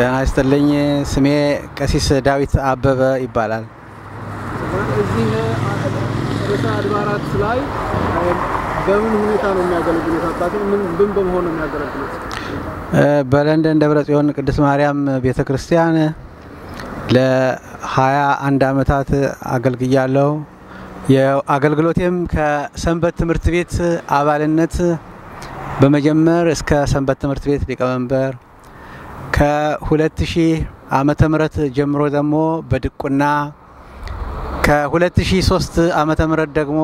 ጤና ይስጥልኝ። ስሜ ቀሲስ ዳዊት አበበ ይባላል። እዚህ ርዕሰ አድባራት ላይ በምን ሁኔታ ነው የሚያገለግሉት? ምን በመሆን ነው የሚያገለግሉት? በለንደን ደብረ ጽዮን ቅድስት ማርያም ቤተ ክርስቲያን ለሀያ አንድ አመታት አገልግያለሁ። የአገልግሎቴም ከሰንበት ትምህርት ቤት አባልነት በመጀመር እስከ ሰንበት ትምህርት ቤት ሊቀመንበር ከ2000 ዓመተ ምህረት ጀምሮ ደግሞ በድቁና ከ2003 ዓመተ ምህረት ደግሞ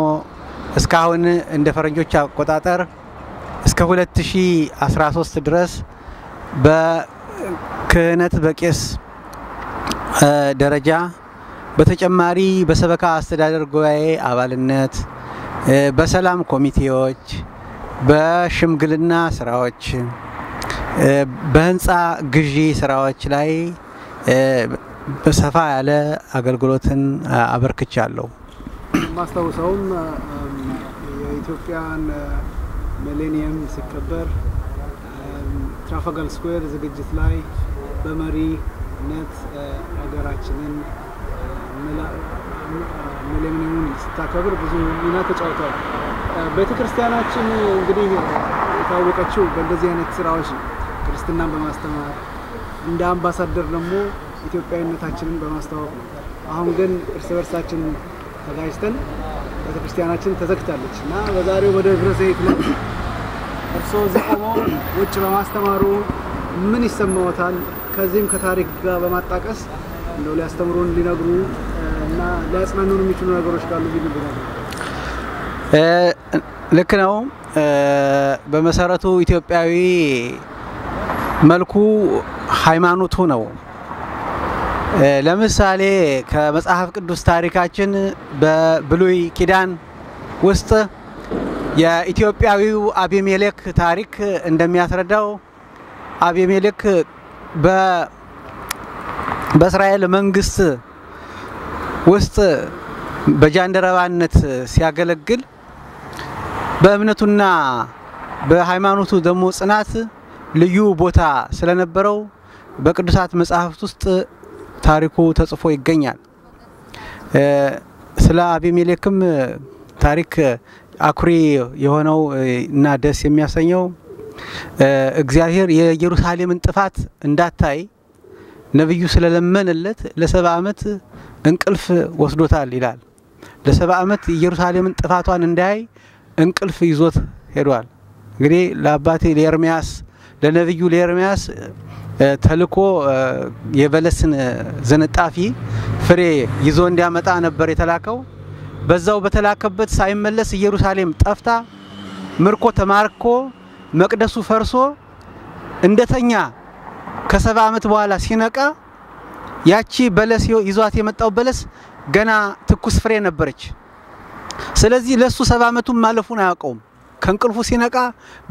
እስካሁን እንደ ፈረንጆች አቆጣጠር እስከ 2013 ድረስ በክህነት በቄስ ደረጃ በተጨማሪ በሰበካ አስተዳደር ጉባኤ አባልነት፣ በሰላም ኮሚቴዎች፣ በሽምግልና ስራዎች በህንፃ ግዢ ስራዎች ላይ ሰፋ ያለ አገልግሎትን አበርክቻለሁ። ማስታውሰውም የኢትዮጵያን ሚሌኒየም ሲከበር ትራፋልጋር ስኩዌር ዝግጅት ላይ በመሪነት ሀገራችንን ሚሌኒየሙን ስታከብር ብዙ ሚና ተጫውተዋል። ቤተክርስቲያናችን እንግዲህ የታወቀችው በእንደዚህ አይነት ስራዎች ነው። ክርስትናን በማስተማር እንደ አምባሳደር ደግሞ ኢትዮጵያዊነታችንን በማስተዋወቅ ነው። አሁን ግን እርስ በርሳችን ተጋጅተን ቤተክርስቲያናችን ተዘግታለች እና በዛሬው መደብረ ዘይት ላይ እርስዎ እዚህ ቆመው ውጭ በማስተማሩ ምን ይሰማዎታል? ከዚህም ከታሪክ ጋር በማጣቀስ እንደው ሊያስተምሩን ሊነግሩ እና ሊያጽናኑን የሚችሉ ነገሮች ካሉ ቢነግሩን። ልክ ነው። በመሰረቱ ኢትዮጵያዊ መልኩ ሃይማኖቱ ነው። ለምሳሌ ከመጽሐፍ ቅዱስ ታሪካችን በብሉይ ኪዳን ውስጥ የኢትዮጵያዊው አቢሜሌክ ታሪክ እንደሚያስረዳው አቢሜሌክ በእስራኤል መንግስት ውስጥ በጃንደረባነት ሲያገለግል በእምነቱና በሃይማኖቱ ደግሞ ጽናት ልዩ ቦታ ስለነበረው በቅዱሳት መጽሐፍት ውስጥ ታሪኩ ተጽፎ ይገኛል። ስለ አቢሜሌክም ታሪክ አኩሪ የሆነው እና ደስ የሚያሰኘው እግዚአብሔር የኢየሩሳሌምን ጥፋት እንዳታይ ነቢዩ ስለለመነለት ለሰባ ዓመት እንቅልፍ ወስዶታል ይላል። ለሰባ ዓመት ኢየሩሳሌምን ጥፋቷን እንዳያይ እንቅልፍ ይዞት ሄዷል። እንግዲህ ለአባቴ ለኤርሚያስ ለነቢዩ ለኤርምያስ ተልኮ የበለስን ዝንጣፊ ፍሬ ይዞ እንዲያመጣ ነበር የተላከው። በዛው በተላከበት ሳይመለስ ኢየሩሳሌም ጠፍታ ምርኮ ተማርኮ መቅደሱ ፈርሶ እንደተኛ ከሰባ ዓመት በኋላ ሲነቃ ያቺ በለስ ይዟት የመጣው በለስ ገና ትኩስ ፍሬ ነበረች። ስለዚህ ለሱ ሰባ ዓመቱን ማለፉን አያውቀውም። ከእንቅልፉ ሲነቃ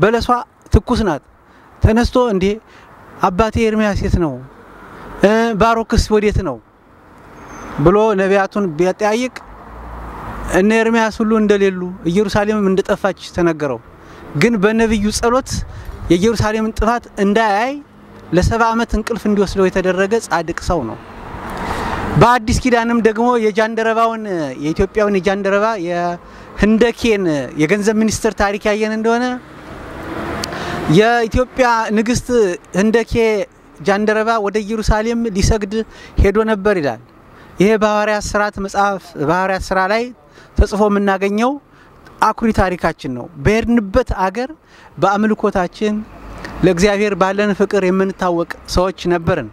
በለሷ ትኩስ ናት። ተነስቶ እንዴ አባቴ ኤርሚያስ የት ነው? ባሮክስ ወዴት ነው ብሎ ነቢያቱን ቢያጠያይቅ እነ ኤርሚያስ ሁሉ እንደሌሉ ኢየሩሳሌምም እንደጠፋች ተነገረው። ግን በነቢዩ ጸሎት የኢየሩሳሌምን ጥፋት እንዳያይ ለሰባ ዓመት እንቅልፍ እንዲወስደው የተደረገ ጻድቅ ሰው ነው። በአዲስ ኪዳንም ደግሞ የጃንደረባውን የኢትዮጵያውን የጃንደረባ የህንደኬን የገንዘብ ሚኒስትር ታሪክ ያየን እንደሆነ የኢትዮጵያ ንግስት ህንደኬ ጃንደረባ ወደ ኢየሩሳሌም ሊሰግድ ሄዶ ነበር ይላል። ይሄ በሐዋርያት ስራት መጽሐፍ በሐዋርያት ስራ ላይ ተጽፎ የምናገኘው አኩሪ ታሪካችን ነው። በሄድንበት አገር በአምልኮታችን ለእግዚአብሔር ባለን ፍቅር የምንታወቅ ሰዎች ነበርን።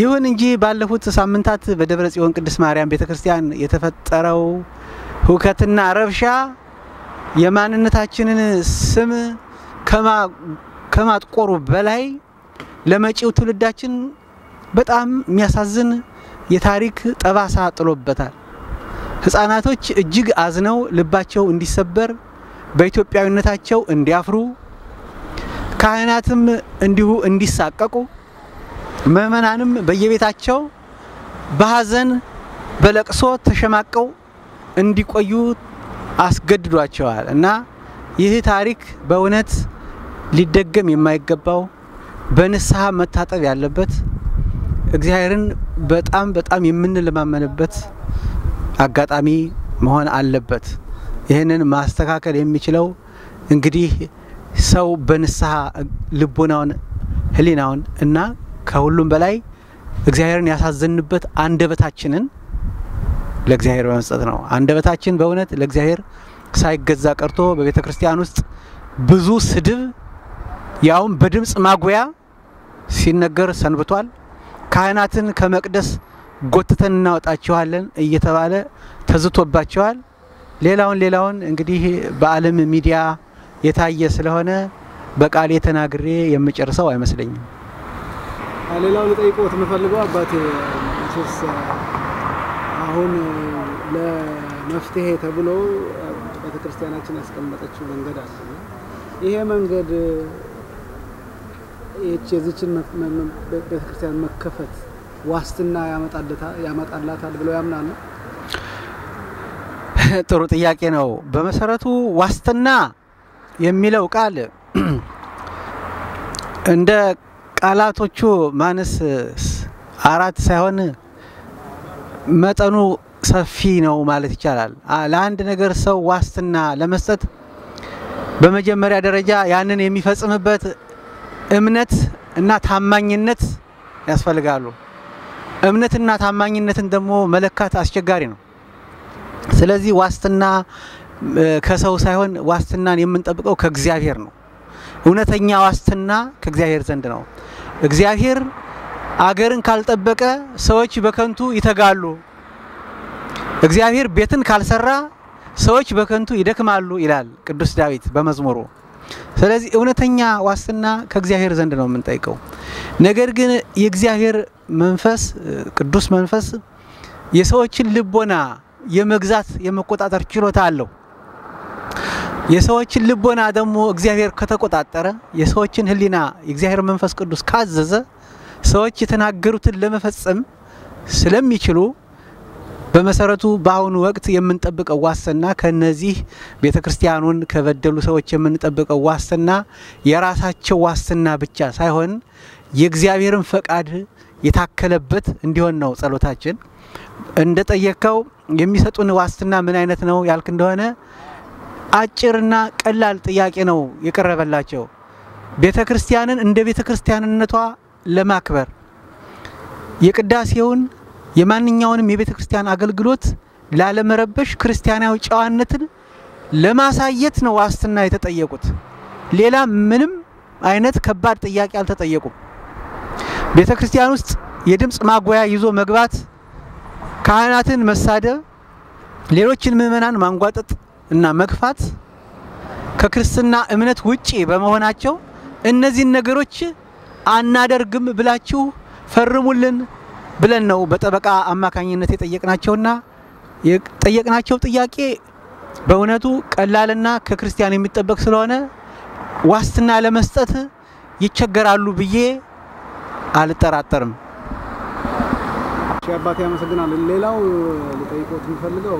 ይሁን እንጂ ባለፉት ሳምንታት በደብረ ጽዮን ቅድስት ማርያም ቤተ ክርስቲያን የተፈጠረው ሁከትና ረብሻ የማንነታችንን ስም ከማጥቆሩ በላይ ለመጪው ትውልዳችን በጣም የሚያሳዝን የታሪክ ጠባሳ ጥሎበታል። ህጻናቶች እጅግ አዝነው ልባቸው እንዲሰበር፣ በኢትዮጵያዊነታቸው እንዲያፍሩ፣ ካህናትም እንዲሁ እንዲሳቀቁ፣ ምዕመናንም በየቤታቸው በሀዘን በለቅሶ ተሸማቀው እንዲቆዩ አስገድዷቸዋል እና ይህ ታሪክ በእውነት ሊደገም የማይገባው በንስሐ መታጠብ ያለበት እግዚአብሔርን በጣም በጣም የምንለማመንበት አጋጣሚ መሆን አለበት። ይህንን ማስተካከል የሚችለው እንግዲህ ሰው በንስሐ ልቦናውን፣ ህሊናውን እና ከሁሉም በላይ እግዚአብሔርን ያሳዘንበት አንደበታችንን ለእግዚአብሔር በመስጠት ነው። አንደበታችን በእውነት ለእግዚአብሔር ሳይገዛ ቀርቶ በቤተ ክርስቲያን ውስጥ ብዙ ስድብ ያውም በድምፅ ማጉያ ሲነገር ሰንብቷል። ካህናትን ከመቅደስ ጎትተን እናወጣችኋለን እየተባለ ተዝቶባቸዋል። ሌላውን ሌላውን እንግዲህ በዓለም ሚዲያ የታየ ስለሆነ በቃሌ ተናግሬ የምጨርሰው አይመስለኝም። ሌላው ልጠይቅዎት የምፈልገው አባቴ አሁን ለመፍትሄ ተብሎ ቤተክርስቲያናችን ያስቀመጠችው መንገድ አለ። ይሄ መንገድ የዚችን ቤተክርስቲያን መከፈት ዋስትና ያመጣላታል ብለው ያምናሉ? ጥሩ ጥያቄ ነው። በመሰረቱ ዋስትና የሚለው ቃል እንደ ቃላቶቹ ማንስ አራት ሳይሆን መጠኑ ሰፊ ነው ማለት ይቻላል። ለአንድ ነገር ሰው ዋስትና ለመስጠት በመጀመሪያ ደረጃ ያንን የሚፈጽምበት እምነት እና ታማኝነት ያስፈልጋሉ። እምነትና ታማኝነትን ደግሞ መለካት አስቸጋሪ ነው። ስለዚህ ዋስትና ከሰው ሳይሆን ዋስትናን የምንጠብቀው ከእግዚአብሔር ነው። እውነተኛ ዋስትና ከእግዚአብሔር ዘንድ ነው። እግዚአብሔር አገርን ካልጠበቀ ሰዎች በከንቱ ይተጋሉ። እግዚአብሔር ቤትን ካልሰራ ሰዎች በከንቱ ይደክማሉ ይላል ቅዱስ ዳዊት በመዝሙሩ። ስለዚህ እውነተኛ ዋስትና ከእግዚአብሔር ዘንድ ነው የምንጠይቀው። ነገር ግን የእግዚአብሔር መንፈስ ቅዱስ መንፈስ የሰዎችን ልቦና የመግዛት የመቆጣጠር ችሎታ አለው። የሰዎችን ልቦና ደግሞ እግዚአብሔር ከተቆጣጠረ የሰዎችን ህሊና የእግዚአብሔር መንፈስ ቅዱስ ካዘዘ ሰዎች የተናገሩትን ለመፈጸም ስለሚችሉ በመሰረቱ በአሁኑ ወቅት የምንጠብቀው ዋስትና ከነዚህ ቤተ ክርስቲያኑን ከበደሉ ሰዎች የምንጠብቀው ዋስትና የራሳቸው ዋስትና ብቻ ሳይሆን የእግዚአብሔርን ፈቃድ የታከለበት እንዲሆን ነው ጸሎታችን። እንደ ጠየቅከው የሚሰጡን ዋስትና ምን አይነት ነው ያልክ እንደሆነ አጭርና ቀላል ጥያቄ ነው የቀረበላቸው። ቤተ ክርስቲያንን እንደ ቤተ ክርስቲያንነቷ ለማክበር የቅዳሴውን የማንኛውንም የቤተ ክርስቲያን አገልግሎት ላለመረበሽ ክርስቲያናዊ ጨዋነትን ለማሳየት ነው ዋስትና የተጠየቁት። ሌላ ምንም አይነት ከባድ ጥያቄ አልተጠየቁም። ቤተ ክርስቲያን ውስጥ የድምፅ ማጉያ ይዞ መግባት፣ ካህናትን መሳደብ፣ ሌሎችን ምእመናን ማንጓጠጥ እና መግፋት ከክርስትና እምነት ውጪ በመሆናቸው እነዚህን ነገሮች አናደርግም ብላችሁ ፈርሙልን ብለን ነው በጠበቃ አማካኝነት የጠየቅናቸውና የጠየቅናቸው ጥያቄ በእውነቱ ቀላልና ከክርስቲያን የሚጠበቅ ስለሆነ ዋስትና ለመስጠት ይቸገራሉ ብዬ አልጠራጠርም። አባቴ አመሰግናል። ሌላው ልጠይቆት የምፈልገው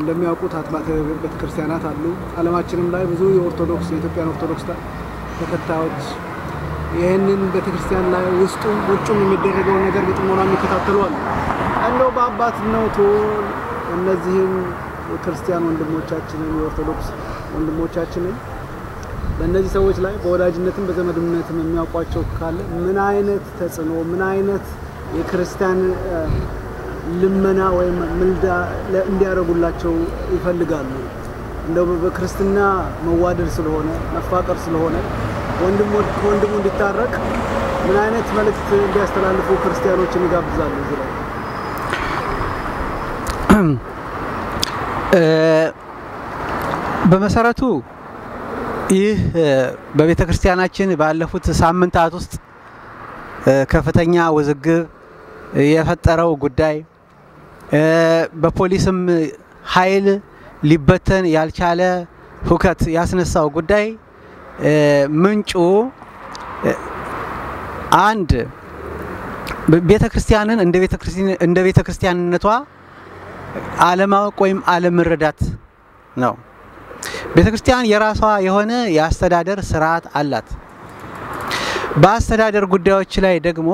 እንደሚያውቁት አጥባተ ቤተክርስቲያናት አሉ። አለማችንም ላይ ብዙ የኦርቶዶክስ የኢትዮጵያን ኦርቶዶክስ ተከታዮች ይህንን ቤተክርስቲያን ላይ ውስጡ ውጩም የሚደረገው ነገር በጥሞና የሚከታተሉ አሉ። እንደው በአባትነቱ እነዚህም ክርስቲያን ወንድሞቻችንን የኦርቶዶክስ ወንድሞቻችንን በእነዚህ ሰዎች ላይ በወዳጅነትም በዘመድነትም የሚያውቋቸው ካለ ምን አይነት ተጽዕኖ ምን አይነት የክርስቲያን ልመና ወይም ምልዳ እንዲያደርጉላቸው ይፈልጋሉ? እንደው በክርስትና መዋደድ ስለሆነ መፋቀር ስለሆነ ወንድሙ እንዲታረቅ ምን አይነት መልእክት እንዲያስተላልፉ ክርስቲያኖችን ይጋብዛሉ? በመሰረቱ ይህ በቤተ ክርስቲያናችን ባለፉት ሳምንታት ውስጥ ከፍተኛ ውዝግብ የፈጠረው ጉዳይ በፖሊስም ኃይል ሊበተን ያልቻለ ሁከት ያስነሳው ጉዳይ ምንጩ አንድ ቤተ ክርስቲያንን እንደ ቤተ ክርስቲያንነቷ አለማወቅ ወይም አለመረዳት ነው። ቤተ ክርስቲያን የራሷ የሆነ የአስተዳደር ስርዓት አላት። በአስተዳደር ጉዳዮች ላይ ደግሞ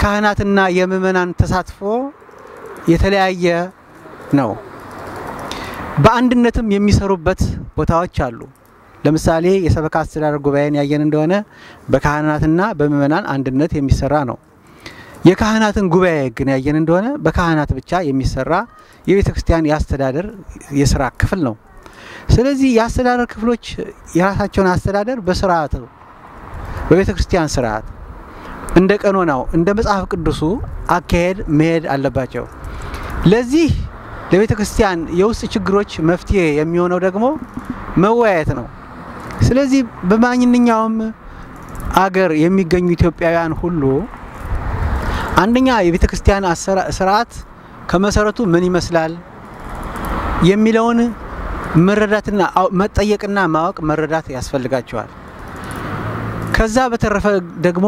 ካህናትና የምእመናን ተሳትፎ የተለያየ ነው። በአንድነትም የሚሰሩበት ቦታዎች አሉ። ለምሳሌ የሰበካ አስተዳደር ጉባኤን ያየን እንደሆነ በካህናትና በምእመናን አንድነት የሚሰራ ነው። የካህናትን ጉባኤ ግን ያየን እንደሆነ በካህናት ብቻ የሚሰራ የቤተ ክርስቲያን የአስተዳደር የስራ ክፍል ነው። ስለዚህ የአስተዳደር ክፍሎች የራሳቸውን አስተዳደር በስርዓት በቤተ ክርስቲያን ስርዓት እንደ ቀኖናው እንደ መጽሐፍ ቅዱሱ አካሄድ መሄድ አለባቸው። ለዚህ ለቤተ ክርስቲያን የውስጥ ችግሮች መፍትሄ የሚሆነው ደግሞ መወያየት ነው። ስለዚህ በማንኛውም አገር የሚገኙ ኢትዮጵያውያን ሁሉ አንደኛ የቤተ ክርስቲያን ስርዓት ከመሰረቱ ምን ይመስላል የሚለውን መረዳትና መጠየቅና ማወቅ መረዳት ያስፈልጋቸዋል። ከዛ በተረፈ ደግሞ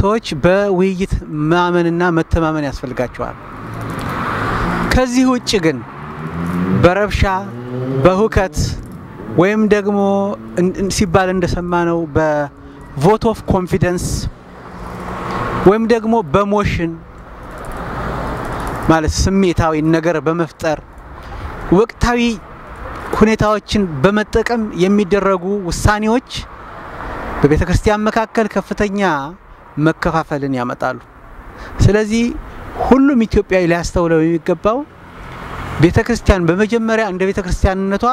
ሰዎች በውይይት ማመንና መተማመን ያስፈልጋቸዋል። ከዚህ ውጭ ግን በረብሻ በሁከት ወይም ደግሞ ሲባል እንደሰማ ነው በቮት ኦፍ ኮንፊደንስ ወይም ደግሞ በሞሽን ማለት ስሜታዊ ነገር በመፍጠር ወቅታዊ ሁኔታዎችን በመጠቀም የሚደረጉ ውሳኔዎች በቤተ ክርስቲያን መካከል ከፍተኛ መከፋፈልን ያመጣሉ። ስለዚህ ሁሉም ኢትዮጵያዊ ሊያስተውለው የሚገባው ቤተ ክርስቲያን በመጀመሪያ እንደ ቤተ ክርስቲያንነቷ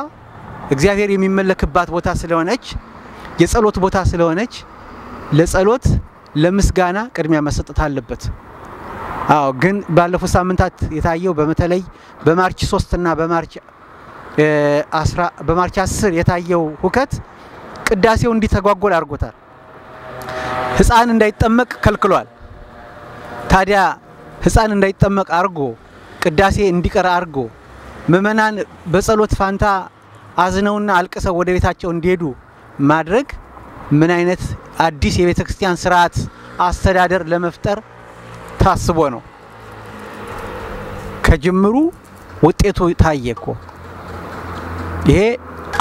እግዚአብሔር የሚመለክባት ቦታ ስለሆነች የጸሎት ቦታ ስለሆነች ለጸሎት ለምስጋና ቅድሚያ መሰጠት አለበት። አዎ ግን ባለፉት ሳምንታት የታየው በተለይ በማርች 3 እና በማርች በማርች 10 የታየው ሁከት ቅዳሴው እንዲተጓጎል አድርጎታል። ህፃን እንዳይጠመቅ ከልክሏል። ታዲያ ህፃን እንዳይጠመቅ አርጎ ቅዳሴ እንዲቀር አርጎ ምእመናን በጸሎት ፋንታ አዝነውና አልቅሰው ወደ ቤታቸው እንዲሄዱ ማድረግ ምን አይነት አዲስ የቤተ ክርስቲያን ስርዓት አስተዳደር ለመፍጠር ታስቦ ነው። ከጅምሩ ውጤቱ ታየ እኮ። ይሄ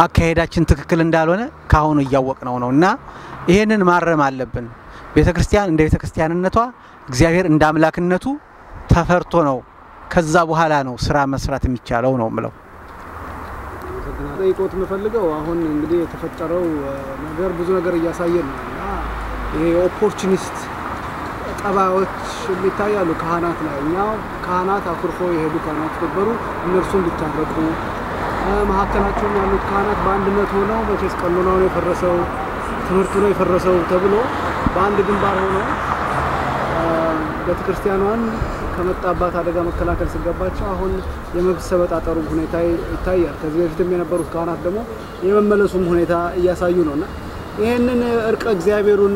አካሄዳችን ትክክል እንዳልሆነ ካሁኑ እያወቅ ነው እና ይሄንን ማረም አለብን። ቤተ ክርስቲያን እንደ ቤተ ክርስቲያንነቷ እግዚአብሔር እንደ አምላክነቱ ተፈርቶ ነው ከዛ በኋላ ነው ስራ መስራት የሚቻለው ነው ምለው። ጠይቆት የምፈልገው አሁን እንግዲህ የተፈጠረው ነገር ብዙ ነገር እያሳየ ነው እና ይሄ ኦፖርቹኒስት ጠባዮች ይታያሉ ካህናት ላይ። እኛ ካህናት አኩርፎ የሄዱ ካህናት ነበሩ፣ እነርሱ እንዲታረቁ መካከላቸውን ያሉት ካህናት በአንድነት ሆነው መቼስ ነው የፈረሰው፣ ትምህርቱ ነው የፈረሰው ተብሎ በአንድ ግንባር ሆነው ቤተክርስቲያኗን ከመጣባት አደጋ መከላከል ሲገባቸው አሁን የመሰበጣጠሩ ሁኔታ ይታያል። ከዚህ በፊትም የነበሩት ካህናት ደግሞ የመመለሱም ሁኔታ እያሳዩ ነው እና ይህንን እርቀ እግዚአብሔሩን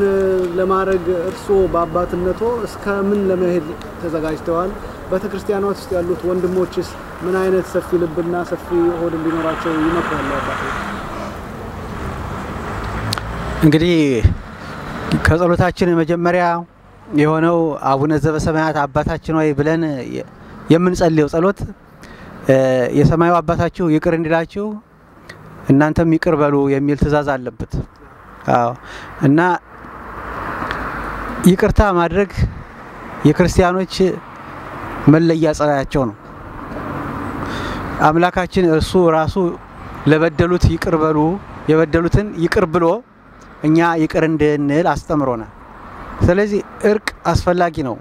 ለማድረግ እርስዎ በአባትነቶ እስከ ምን ለመሄድ ተዘጋጅተዋል? ቤተ ክርስቲያኗት ውስጥ ያሉት ወንድሞችስ ምን አይነት ሰፊ ልብና ሰፊ ሆድ እንዲኖራቸው ይመክራሉ? አባት እንግዲህ ከጸሎታችን መጀመሪያ የሆነው አቡነ ዘበሰማያት አባታችን ወይ ብለን የምንጸልየው ጸሎት የሰማዩ አባታችሁ ይቅር እንዲላችሁ እናንተም ይቅር በሉ የሚል ትእዛዝ አለበት። አዎ እና ይቅርታ ማድረግ የክርስቲያኖች መለያ ጸላያቸው ነው። አምላካችን እርሱ ራሱ ለበደሉት ይቅር በሉ የበደሉትን ይቅር ብሎ እኛ ይቅር እንድንል አስተምሮናል። ስለዚህ እርቅ አስፈላጊ ነው።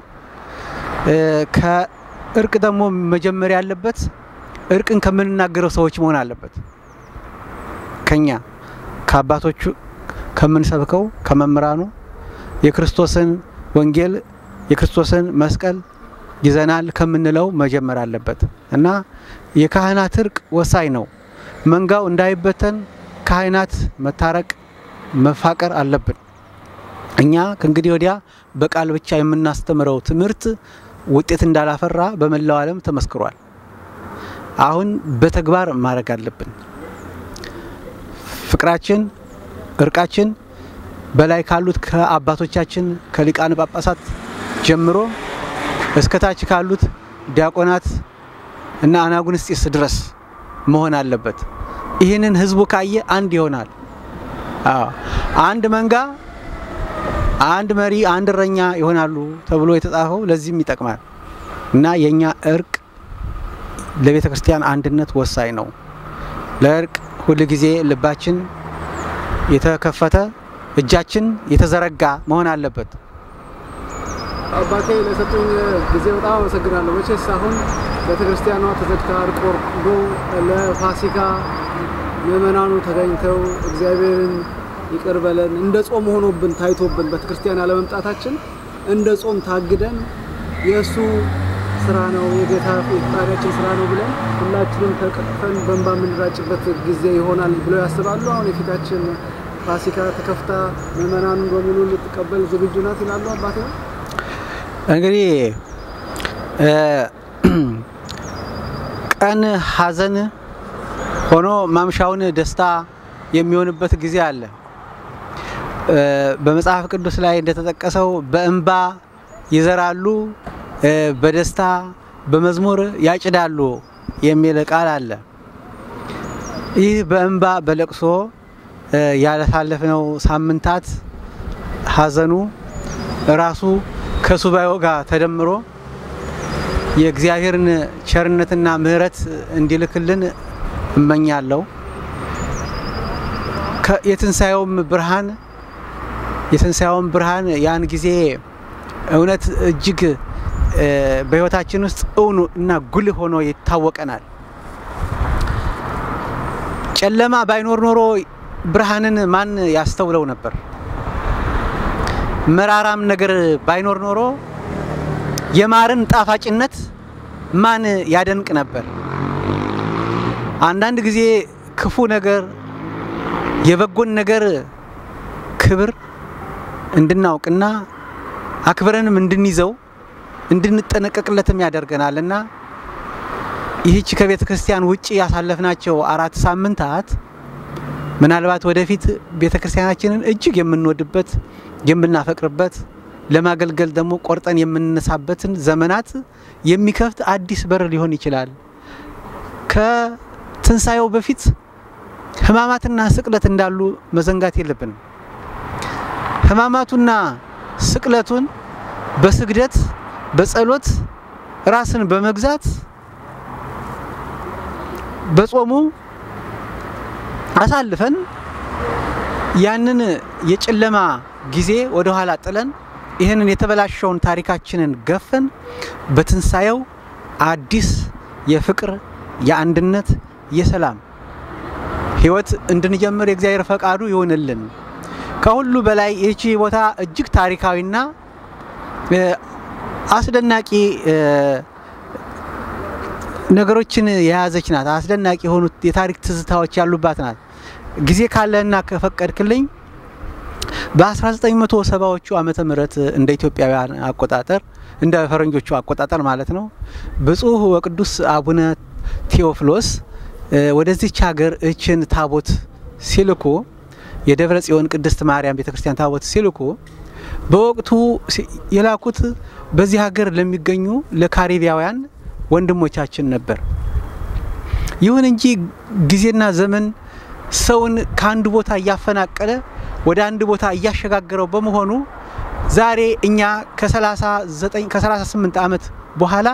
ከእርቅ ደግሞ መጀመሪያ ያለበት እርቅን ከምንናገረው ሰዎች መሆን አለበት። ከኛ ከአባቶቹ ከምንሰብከው ከመምህራኑ የክርስቶስን ወንጌል የክርስቶስን መስቀል ይዘናል ከምንለው መጀመር አለበት እና የካህናት እርቅ ወሳኝ ነው። መንጋው እንዳይበተን ካህናት መታረቅ መፋቀር አለብን። እኛ ከእንግዲህ ወዲያ በቃል ብቻ የምናስተምረው ትምህርት ውጤት እንዳላፈራ በመላው ዓለም ተመስክሯል። አሁን በተግባር ማድረግ አለብን። ፍቅራችን፣ እርቃችን በላይ ካሉት ከአባቶቻችን ከሊቃነ ጳጳሳት ጀምሮ እስከታች ካሉት ዲያቆናት እና አናጉንስጢስ ድረስ መሆን አለበት። ይህንን ህዝቡ ካየ አንድ ይሆናል። አንድ መንጋ አንድ መሪ አንድ እረኛ ይሆናሉ ተብሎ የተጻፈው ለዚህም ይጠቅማል እና የእኛ እርቅ ለቤተ ክርስቲያን አንድነት ወሳኝ ነው። ለእርቅ ሁል ጊዜ ልባችን የተከፈተ እጃችን የተዘረጋ መሆን አለበት። አባቴ ለሰጡኝ ጊዜ በጣም አመሰግናለሁ። መቼስ አሁን ቤተ ክርስቲያኗ ተዘግታ ቆርቆሮ ለፋሲካ ምእመናኑ ተገኝተው እግዚአብሔርን ይቅር በለን እንደ ጾም ሆኖብን ታይቶብን ቤተክርስቲያን አለመምጣታችን እንደ ጾም ታግደን የእሱ ስራ ነው የጌታ የፈጣሪያችን ስራ ነው ብለን ሁላችንም ተቀጥፈን በእንባ የምንራጭበት ጊዜ ይሆናል ብለው ያስባሉ። አሁን የፊታችን ፋሲካ ተከፍታ ምዕመናኑን በሙሉ ልትቀበል ዝግጁ ናት ይላሉ አባት። እንግዲህ ቀን ሀዘን ሆኖ ማምሻውን ደስታ የሚሆንበት ጊዜ አለ። በመጽሐፍ ቅዱስ ላይ እንደተጠቀሰው በእንባ ይዘራሉ፣ በደስታ በመዝሙር ያጭዳሉ የሚል ቃል አለ። ይህ በእንባ በለቅሶ ያላሳለፍነው ሳምንታት ሀዘኑ ራሱ ከሱባኤው ጋር ተደምሮ የእግዚአብሔርን ቸርነትና ምሕረት እንዲልክልን እመኛለሁ። የትንሣኤውም ብርሃን የትንሣኤውን ብርሃን ያን ጊዜ እውነት እጅግ በህይወታችን ውስጥ እውኑ እና ጉልህ ሆኖ ይታወቀናል። ጨለማ ባይኖር ኖሮ ብርሃንን ማን ያስተውለው ነበር? መራራም ነገር ባይኖር ኖሮ የማርን ጣፋጭነት ማን ያደንቅ ነበር? አንዳንድ ጊዜ ክፉ ነገር፣ የበጎን ነገር ክብር እንድናውቅና አክብረንም እንድንይዘው እንድንጠነቀቅለትም ያደርገናልና ይህች ከቤተ ክርስቲያን ውጭ ያሳለፍናቸው አራት ሳምንታት ምናልባት ወደፊት ቤተ ክርስቲያናችንን እጅግ የምንወድበት የምናፈቅርበት ለማገልገል ደግሞ ቆርጠን የምንነሳበትን ዘመናት የሚከፍት አዲስ በር ሊሆን ይችላል። ከትንሣኤው በፊት ሕማማትና ስቅለት እንዳሉ መዘንጋት የለብንም። ህማማቱና ስቅለቱን በስግደት በጸሎት ራስን በመግዛት በጾሙ አሳልፈን ያንን የጨለማ ጊዜ ወደ ኋላ ጥለን ይህንን የተበላሸውን ታሪካችንን ገፈን በትንሣኤው አዲስ የፍቅር፣ የአንድነት፣ የሰላም ህይወት እንድንጀምር የእግዚአብሔር ፈቃዱ ይሆንልን። ከሁሉ በላይ ይቺ ቦታ እጅግ ታሪካዊና አስደናቂ ነገሮችን የያዘች ናት። አስደናቂ የሆኑ የታሪክ ትዝታዎች ያሉባት ናት። ጊዜ ካለህና ከፈቀድክልኝ በ1970ዎቹ ዓመተ ምህረት እንደ ኢትዮጵያውያን አቆጣጠር እንደ ፈረንጆቹ አቆጣጠር ማለት ነው ብፁዕ ወቅዱስ አቡነ ቴዎፍሎስ ወደዚች ሀገር እችን ታቦት ሲልኩ የደብረ ጽዮን ቅድስት ማርያም ቤተክርስቲያን ታቦት ሲልኩ በወቅቱ የላኩት በዚህ ሀገር ለሚገኙ ለካሪቢያውያን ወንድሞቻችን ነበር። ይሁን እንጂ ጊዜና ዘመን ሰውን ከአንድ ቦታ እያፈናቀለ ወደ አንድ ቦታ እያሸጋገረው በመሆኑ ዛሬ እኛ ከ38 ዓመት በኋላ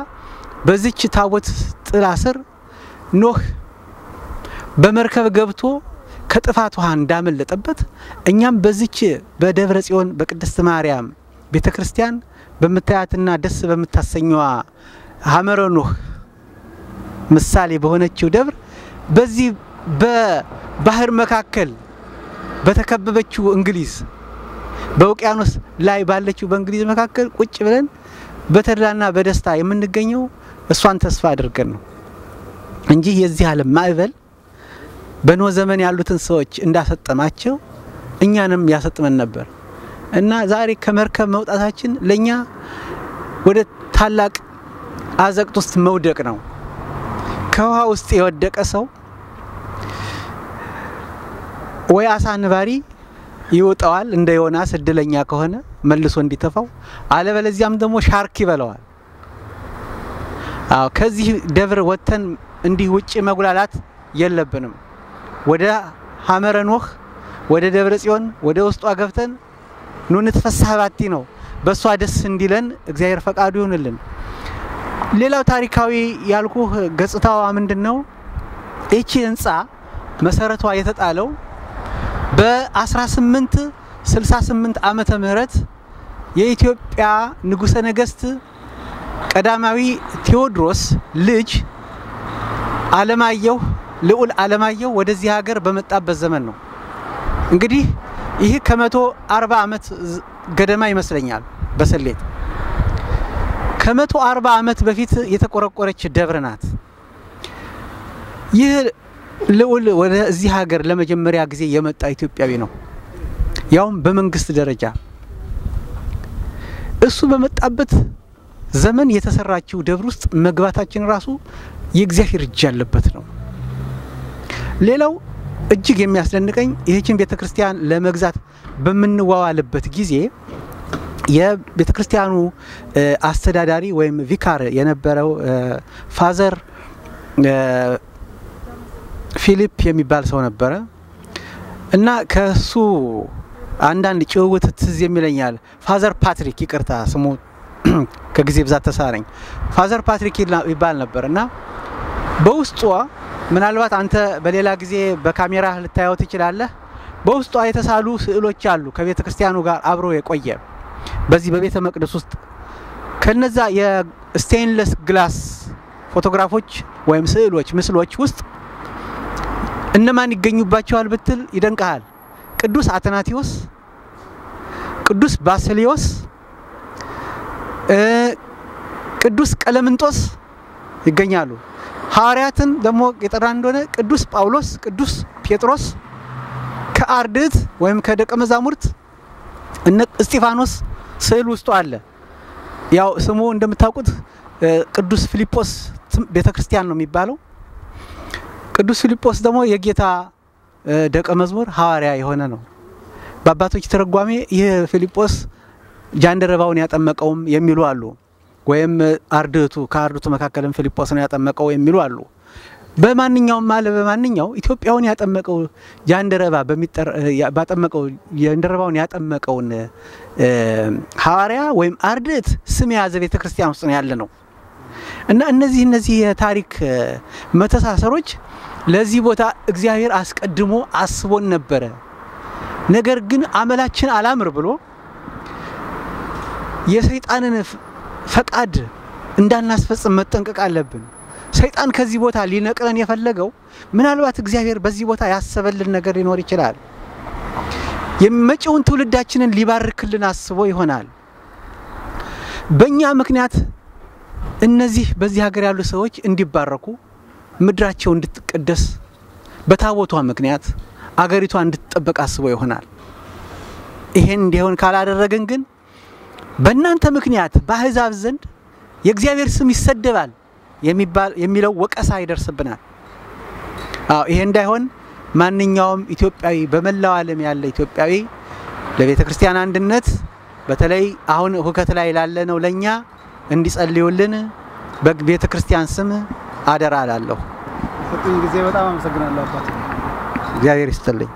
በዚች ታቦት ጥላ ስር ኖህ በመርከብ ገብቶ ከጥፋት ውሃ እንዳመለጠበት እኛም በዚች በደብረ ጽዮን በቅድስት ማርያም ቤተ ክርስቲያን በምታያትና ደስ በምታሰኘዋ ሐመረ ኖህ ምሳሌ በሆነችው ደብር በዚህ በባህር መካከል በተከበበችው እንግሊዝ በውቅያኖስ ላይ ባለችው በእንግሊዝ መካከል ቁጭ ብለን በተድላና በደስታ የምንገኘው እሷን ተስፋ አድርገን ነው እንጂ የዚህ ዓለም ማዕበል በኖ ዘመን ያሉትን ሰዎች እንዳሰጠማቸው እኛንም ያሰጥመን ነበር እና ዛሬ ከመርከብ መውጣታችን ለእኛ ወደ ታላቅ አዘቅት ውስጥ መውደቅ ነው። ከውሃ ውስጥ የወደቀ ሰው ወይ አሳ ንባሪ ይውጠዋል፣ እንደ ዮናስ እድለኛ ከሆነ መልሶ እንዲተፋው፣ አለበለዚያም ደግሞ ሻርክ ይበለዋል። አዎ ከዚህ ደብር ወጥተን እንዲህ ውጭ መጉላላት የለብንም። ወደ ሐመረ ኖህ ወደ ደብረ ጽዮን ወደ ውስጧ ገብተን ኑ ንትፈስሐ ባቲ ነው። በእሷ ደስ እንዲለን እግዚአብሔር ፈቃዱ ይሁንልን። ሌላው ታሪካዊ ያልኩ ገጽታዋ ምንድን ነው? ይቺ ህንፃ መሰረቷ የተጣለው በ1868 ዓመተ ምህረት የኢትዮጵያ ንጉሰ ነገስት ቀዳማዊ ቴዎድሮስ ልጅ አለማየሁ ልዑል አለማየሁ ወደዚህ ሀገር በመጣበት ዘመን ነው። እንግዲህ ይህ ከመቶ አርባ ዓመት ገደማ ይመስለኛል በሰሌት ከመቶ አርባ ዓመት በፊት የተቆረቆረች ደብር ናት። ይህ ልዑል ወደዚህ ሀገር ለመጀመሪያ ጊዜ የመጣ ኢትዮጵያዊ ነው፣ ያውም በመንግስት ደረጃ። እሱ በመጣበት ዘመን የተሰራችው ደብር ውስጥ መግባታችን ራሱ የእግዚአብሔር እጅ ያለበት ነው። ሌላው እጅግ የሚያስደንቀኝ ይህችን ቤተ ክርስቲያን ለመግዛት በምንዋዋልበት ጊዜ የቤተ ክርስቲያኑ አስተዳዳሪ ወይም ቪካር የነበረው ፋዘር ፊሊፕ የሚባል ሰው ነበረ እና ከሱ አንዳንድ ጭውውት ትዝ የሚለኛል። ፋዘር ፓትሪክ ይቅርታ፣ ስሙ ከጊዜ ብዛት ተሳረኝ። ፋዘር ፓትሪክ ይባል ነበር እና በውስጧ ምናልባት አንተ በሌላ ጊዜ በካሜራ ልታየው ትችላለህ። በውስጧ የተሳሉ ስዕሎች አሉ ከቤተ ክርስቲያኑ ጋር አብሮ የቆየ በዚህ በቤተ መቅደስ ውስጥ ከነዛ የስቴንለስ ግላስ ፎቶግራፎች ወይም ስዕሎች፣ ምስሎች ውስጥ እነማን ይገኙባቸዋል ብትል ይደንቀሃል። ቅዱስ አትናቴዎስ፣ ቅዱስ ባስልዮስ፣ ቅዱስ ቀለምንጦስ ይገኛሉ። ሐዋርያትን ደግሞ የጠራ እንደሆነ ቅዱስ ጳውሎስ፣ ቅዱስ ጴጥሮስ ከአርድት ወይም ከደቀ መዛሙርት እነ እስጢፋኖስ ስዕል ውስጡ አለ። ያው ስሙ እንደምታውቁት ቅዱስ ፊልጶስ ቤተ ክርስቲያን ነው የሚባለው። ቅዱስ ፊልጶስ ደግሞ የጌታ ደቀ መዝሙር ሐዋርያ የሆነ ነው። በአባቶች ተረጓሜ ይህ ፊልጶስ ጃንደረባውን ያጠመቀውም የሚሉ አሉ። ወይም አርድቱ ከአርድቱ መካከልም ነው ያጠመቀው የሚሉ አሉ። በማንኛውም አለ በማንኛው ኢትዮጵያውን ያጠመቀው ጃንደረባ ባጠመቀው ጃንደረባውን ያጠመቀውን ሐዋርያ ወይም አርድት ስም የያዘ ቤተ ክርስቲያን ውስጥ ነው ያለ ነው እና እነዚህ እነዚህ የታሪክ መተሳሰሮች ለዚህ ቦታ እግዚአብሔር አስቀድሞ አስቦን ነበረ። ነገር ግን አመላችን አላምር ብሎ የሰይጣንን ፈቃድ እንዳናስፈጽም መጠንቀቅ አለብን። ሰይጣን ከዚህ ቦታ ሊነቅለን የፈለገው ምናልባት እግዚአብሔር በዚህ ቦታ ያሰበልን ነገር ሊኖር ይችላል። የመጪውን ትውልዳችንን ሊባርክልን አስቦ ይሆናል። በእኛ ምክንያት እነዚህ በዚህ ሀገር ያሉ ሰዎች እንዲባረኩ፣ ምድራቸው እንድትቀደስ፣ በታቦቷ ምክንያት አገሪቷ እንድትጠበቅ አስቦ ይሆናል። ይሄን እንዲሆን ካላደረግን ግን በእናንተ ምክንያት በአህዛብ ዘንድ የእግዚአብሔር ስም ይሰደባል የሚለው ወቀሳ ይደርስብናል። አዎ ይሄ እንዳይሆን ማንኛውም ኢትዮጵያዊ በመላው ዓለም ያለ ኢትዮጵያዊ ለቤተ ክርስቲያን አንድነት በተለይ አሁን ሁከት ላይ ላለነው ለእኛ እንዲጸልዩልን በቤተ ክርስቲያን ስም አደራ አላለሁ። ጊዜ በጣም አመሰግናለሁ አባት። እግዚአብሔር ይስጥልኝ።